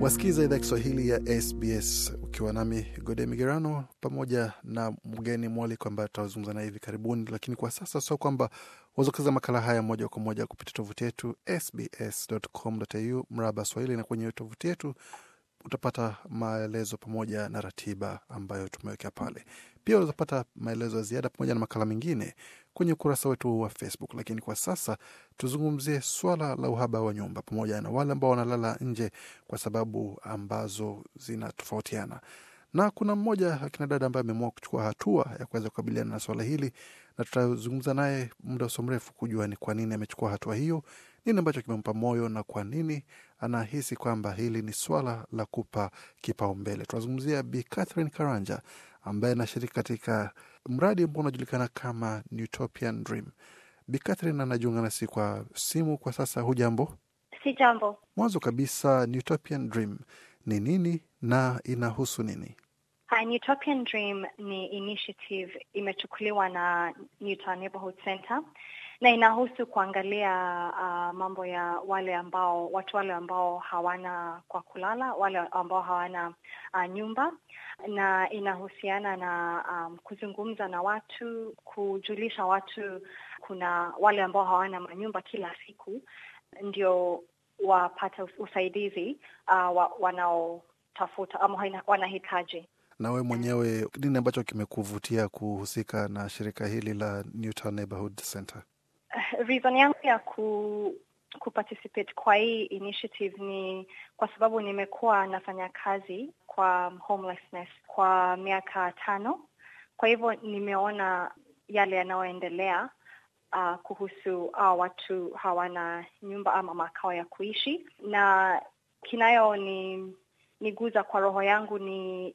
Wasikiza idhaa Kiswahili ya SBS ukiwa nami Gode Migerano pamoja na mgeni mwaliko ambaye tutazungumza naye hivi karibuni, lakini kwa sasa sio kwamba wazokeza makala haya moja kwa moja kupitia tovuti yetu sbs.com.au mraba Swahili, na kwenye tovuti yetu utapata maelezo pamoja na ratiba ambayo tumewekea pale. Pia utapata maelezo ya ziada pamoja na makala mengine kwenye ukurasa wetu wa Facebook. Lakini kwa sasa tuzungumzie swala la uhaba wa nyumba pamoja na wale ambao wanalala nje kwa sababu ambazo zinatofautiana na kuna mmoja akina dada ambaye ameamua kuchukua hatua ya kuweza kukabiliana na swala hili, na tutazungumza naye muda usio mrefu kujua ni kwa nini amechukua hatua hiyo, nini ambacho kimempa moyo na kwa nini anahisi kwamba hili ni swala la kupa kipaumbele. Tunazungumzia Bi Catherine Karanja ambaye anashiriki katika mradi ambao unajulikana kama Utopian Dream. Bi Catherine anajiunga nasi kwa simu kwa sasa. Hujambo? Si jambo. Mwanzo kabisa, Utopian Dream ni nini na inahusu nini? An uh, Utopian Dream ni initiative imechukuliwa na Newtown Neighborhood Center na inahusu kuangalia uh, mambo ya wale ambao watu wale ambao hawana kwa kulala, wale ambao hawana uh, nyumba, na inahusiana na um, kuzungumza na watu, kujulisha watu kuna wale ambao hawana manyumba kila siku ndio wapate usaidizi uh, wa, ama wanahitaji na we mwenyewe, nini ambacho kimekuvutia kuhusika na shirika hili la Newtown Neighborhood Center? Eh, reason yangu ya ku kuparticipate kwa hii initiative ni kwa sababu nimekuwa nafanya kazi kwa homelessness kwa miaka tano. Kwa hivyo nimeona yale yanayoendelea uh, kuhusu hawa watu hawana nyumba ama makao ya kuishi, na kinayo ni guza kwa roho yangu ni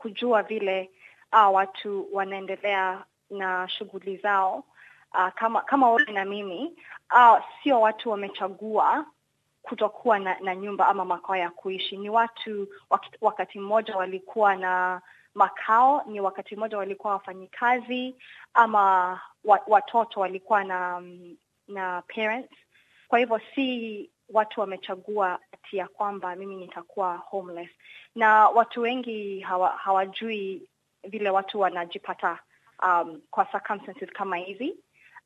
kujua vile uh, watu wanaendelea na shughuli zao uh, kama kama wewe na mimi uh, sio watu wamechagua kutokuwa na, na nyumba ama makao ya kuishi. Ni watu wakati mmoja walikuwa na makao, ni wakati mmoja walikuwa wafanyikazi ama watoto walikuwa na na parents. Kwa hivyo si watu wamechagua ati ya kwamba mimi nitakuwa homeless, na watu wengi hawa, hawajui vile watu wanajipata um, kwa circumstances kama hizi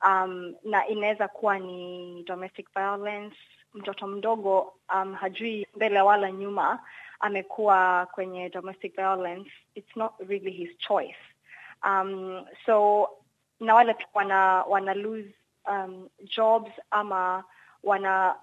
um, na inaweza kuwa ni domestic violence. Mtoto mdogo um, hajui mbele wala nyuma, amekuwa kwenye domestic violence, it's not really his choice um, so na wale pia wana, wana lose um, jobs ama wana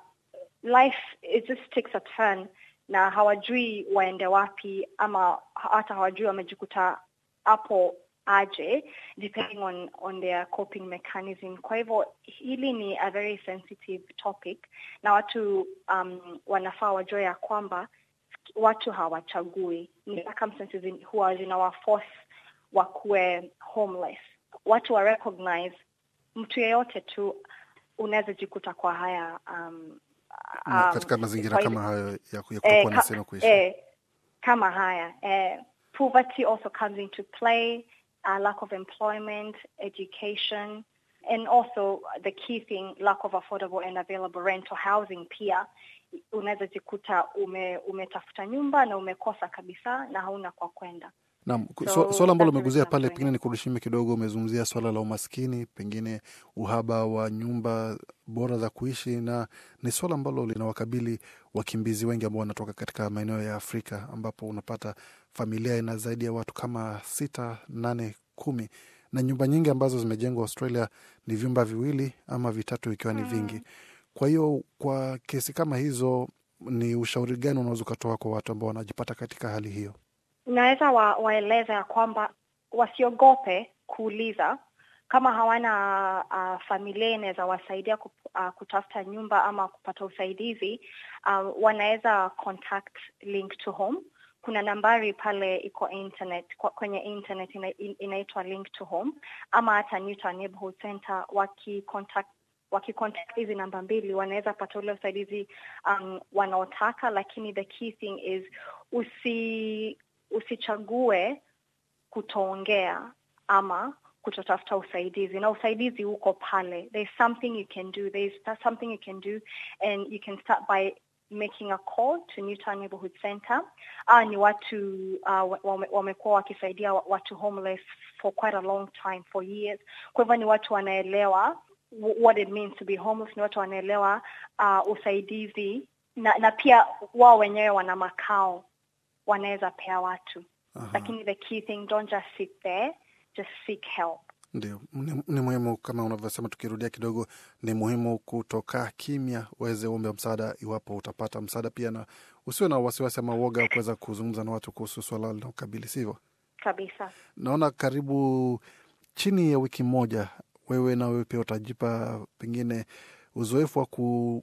life it just takes a turn na hawajui waende wapi ama hata hawajui wamejikuta hapo aje depending on, on their coping mechanism kwa hivyo hili ni a very sensitive topic na watu um, wanafaa wajue ya kwamba watu hawachagui ni circumstances huwa zinawaforce wakuwe homeless watu wa recognize mtu yeyote tu unaweza jikuta kwa haya um, um, katika mazingira kama hayo ya kutokuwa eh, kuishi eh, kama haya eh, poverty also comes into play uh, lack of employment education and also the key thing lack of affordable and available rental housing pia unaweza jikuta ume, nyumba na umekosa kabisa na hauna kwa kwenda Naam, swala ambalo umeguzia pale pengine nikurudishime kidogo. Umezungumzia swala la umaskini, pengine uhaba wa nyumba bora za kuishi, na ni swala ambalo linawakabili wakimbizi wengi ambao wanatoka katika maeneo ya Afrika, ambapo unapata familia ina zaidi ya watu kama sita, nane, kumi na nyumba nyingi ambazo zimejengwa Australia ni vyumba viwili ama vitatu ikiwa ni vingi. Mm. Kwa hiyo kwa kesi kama hizo, ni ushauri gani unaweza ukatoa kwa watu ambao wanajipata katika hali hiyo? naweza wa, waeleza ya kwamba wasiogope kuuliza kama hawana uh, familia inaweza wasaidia kup, uh, kutafuta nyumba ama kupata usaidizi uh, wanaweza contact Link to Home. Kuna nambari pale iko internet kwenye internet inaitwa Link to Home ama hata Newton Neighborhood Center wakicontact wakicontact hizi namba mbili wanaweza pata ule usaidizi um, wanaotaka, lakini the key thing is usi usichague kutoongea ama kutotafuta usaidizi na usaidizi uko pale there's something you can do there's something you can do and you can start by making a call to Newtown Neighborhood Center. Ah, ni watu uh, wamekuwa wakisaidia watu homeless for quite a long time for years. Kwa hivyo ni watu wanaelewa what it means to be homeless, ni watu wanaelewa uh, usaidizi na, na pia wao wenyewe wana makao wanaweza pea watu Aha. Lakini the key thing, don't just sit there, just seek help. Ndio ni, ni muhimu kama unavyosema, tukirudia kidogo, ni muhimu kutoka kimya, uweze uombe msaada iwapo utapata msaada pia, na usiwe na wasiwasi ama uoga kuweza kuzungumza na watu kuhusu swala linaokabili, sivyo? Kabisa. Naona karibu chini ya wiki moja, wewe na wewe pia utajipa pengine uzoefu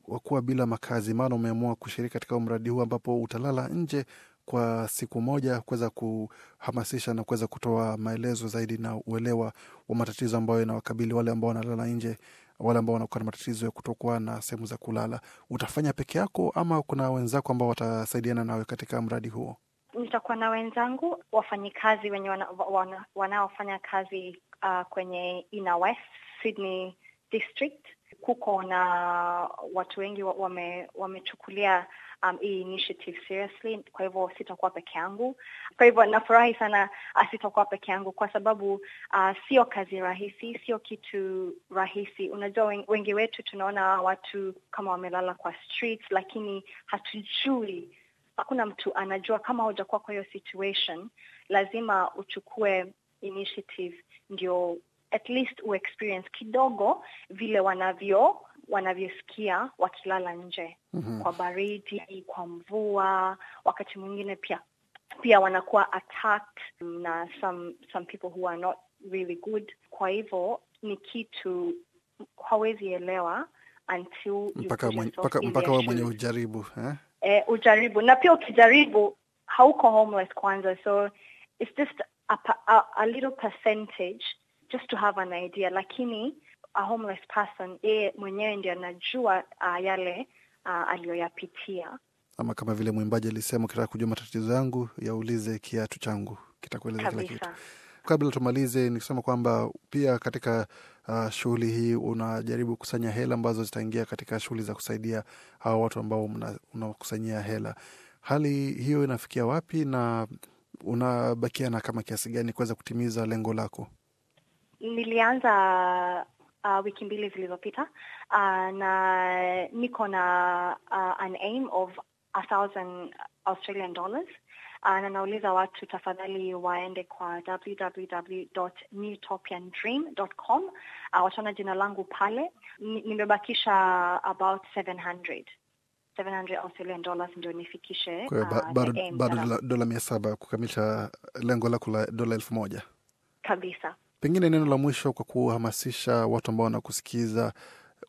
wa kuwa bila makazi, maana umeamua kushiriki katika mradi huu ambapo utalala nje kwa siku moja kuweza kuhamasisha na kuweza kutoa maelezo zaidi na uelewa wa matatizo ambayo inawakabili wale ambao wanalala nje, wale ambao wanakuwa na matatizo ya kutokuwa na sehemu za kulala. Utafanya peke yako ama kuna wenzako ambao watasaidiana nawe katika mradi huo? Nitakuwa na wenzangu wafanyikazi wenye wanaofanya wana, wana kazi uh, kwenye Inner West Sydney district kuko na watu wengi wame, wamechukulia um, hii initiative seriously. Kwa hivyo sitakuwa peke yangu, kwa hivyo nafurahi sana uh, sitakuwa peke yangu kwa sababu uh, sio kazi rahisi, sio kitu rahisi. Unajua wengi wetu tunaona watu kama wamelala kwa street, lakini hatujui, hakuna mtu anajua. Kama hujakuwa kwa hiyo situation, lazima uchukue initiative ndio at least uexperience kidogo vile wanavyo wanavyosikia wakilala nje mm -hmm. Kwa baridi, kwa mvua, wakati mwingine pia pia wanakuwa attacked na some some people who are not really good. Kwa hivyo ni kitu hawezi elewa until mpaka mpaka mwenye ujaribu eh? Eh, ujaribu na pia ukijaribu hauko homeless kwanza, so it's just a, a, a little percentage just to have an idea, lakini a homeless person yeye mwenyewe ndio anajua uh, yale uh, aliyoyapitia. Ama kama vile mwimbaji alisema, ukitaka kujua matatizo yangu yaulize kiatu changu, kitakueleza kila kitu. Kabla tumalize, nikusema kwamba pia katika uh, shughuli hii unajaribu kukusanya hela ambazo zitaingia katika shughuli za kusaidia hawa watu ambao unakusanyia hela. Hali hiyo inafikia wapi na unabakiana kama kiasi gani kuweza kutimiza lengo lako? nilianza uh, wiki mbili zilizopita uh, na niko na uh, an aim of a thousand Australian dollars uh, na nauliza watu tafadhali waende kwa www.newtopiandream.com uh, wataona jina langu pale. Nimebakisha about 700 700 Australian dollars ndio nifikishe uh, bado ba, dola mia saba kukamilisha lengo lako la dola elfu moja kabisa. Pengine neno la mwisho kwa kuhamasisha watu ambao wanakusikiza,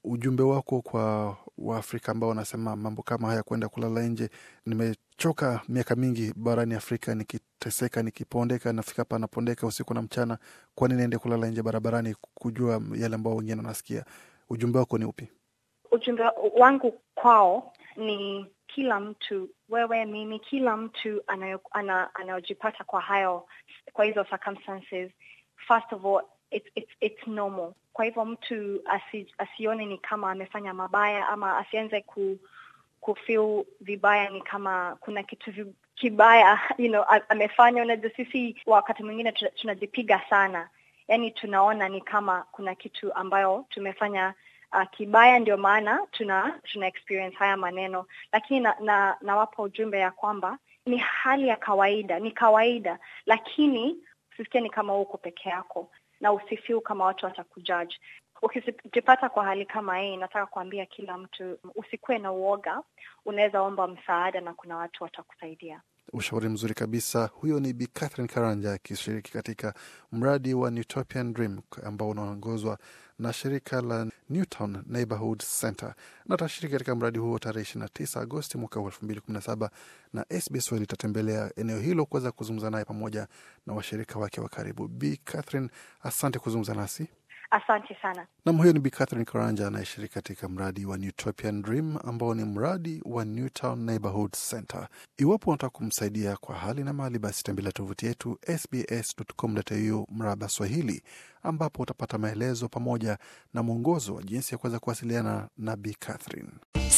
ujumbe wako kwa Waafrika ambao wanasema mambo kama haya, kuenda kulala nje. Nimechoka miaka mingi barani Afrika nikiteseka, nikipondeka, nafika hapa napondeka usiku na mchana, kwani niende kulala nje barabarani, kujua yale ambao wengine wanasikia. Ujumbe wako ni upi? Ujumbe wangu kwao ni kila mtu, wewe, mimi, kila mtu anayojipata ana, ana kwa hayo, kwa hizo circumstances first of all it's, it's, it's normal. Kwa hivyo mtu asi, asione ni kama amefanya mabaya ama asianze ku kufeel vibaya ni kama kuna kitu kibaya you know, amefanya. Unajua, sisi wakati mwingine tunajipiga sana, yani tunaona ni kama kuna kitu ambayo tumefanya uh, kibaya, ndio maana tuna, tuna experience haya maneno, lakini na, na, nawapa ujumbe ya kwamba ni hali ya kawaida, ni kawaida, lakini usisikie ni kama uko peke yako na usifiu kama watu watakujaji. Ukijipata kwa hali kama hii, nataka kuambia kila mtu usikuwe na uoga, unaweza omba msaada na kuna watu watakusaidia. Ushauri mzuri kabisa. Huyo ni Bi Karanja akishiriki katika mradi wa Dream ambao unaongozwa na shirika la Newtown Neighborhood Center na tashiriki katika mradi huo tarehe 29 Agosti mwaka 2017, na SBS Swahili itatembelea eneo hilo kuweza kuzungumza naye pamoja na washirika wake wa karibu. Bi Catherine, asante kuzungumza nasi. Asante sana. Nam, huyo ni Bi Catherine Karanja anayeshiriki katika mradi wa Newtopian Dream ambao ni mradi wa Newtown Neighborhood Center. Iwapo unataka kumsaidia kwa hali na mali, basi tembelea tovuti yetu sbs.com.au mraba Swahili, ambapo utapata maelezo pamoja na mwongozo wa jinsi ya kuweza kuwasiliana na Bi Catherine.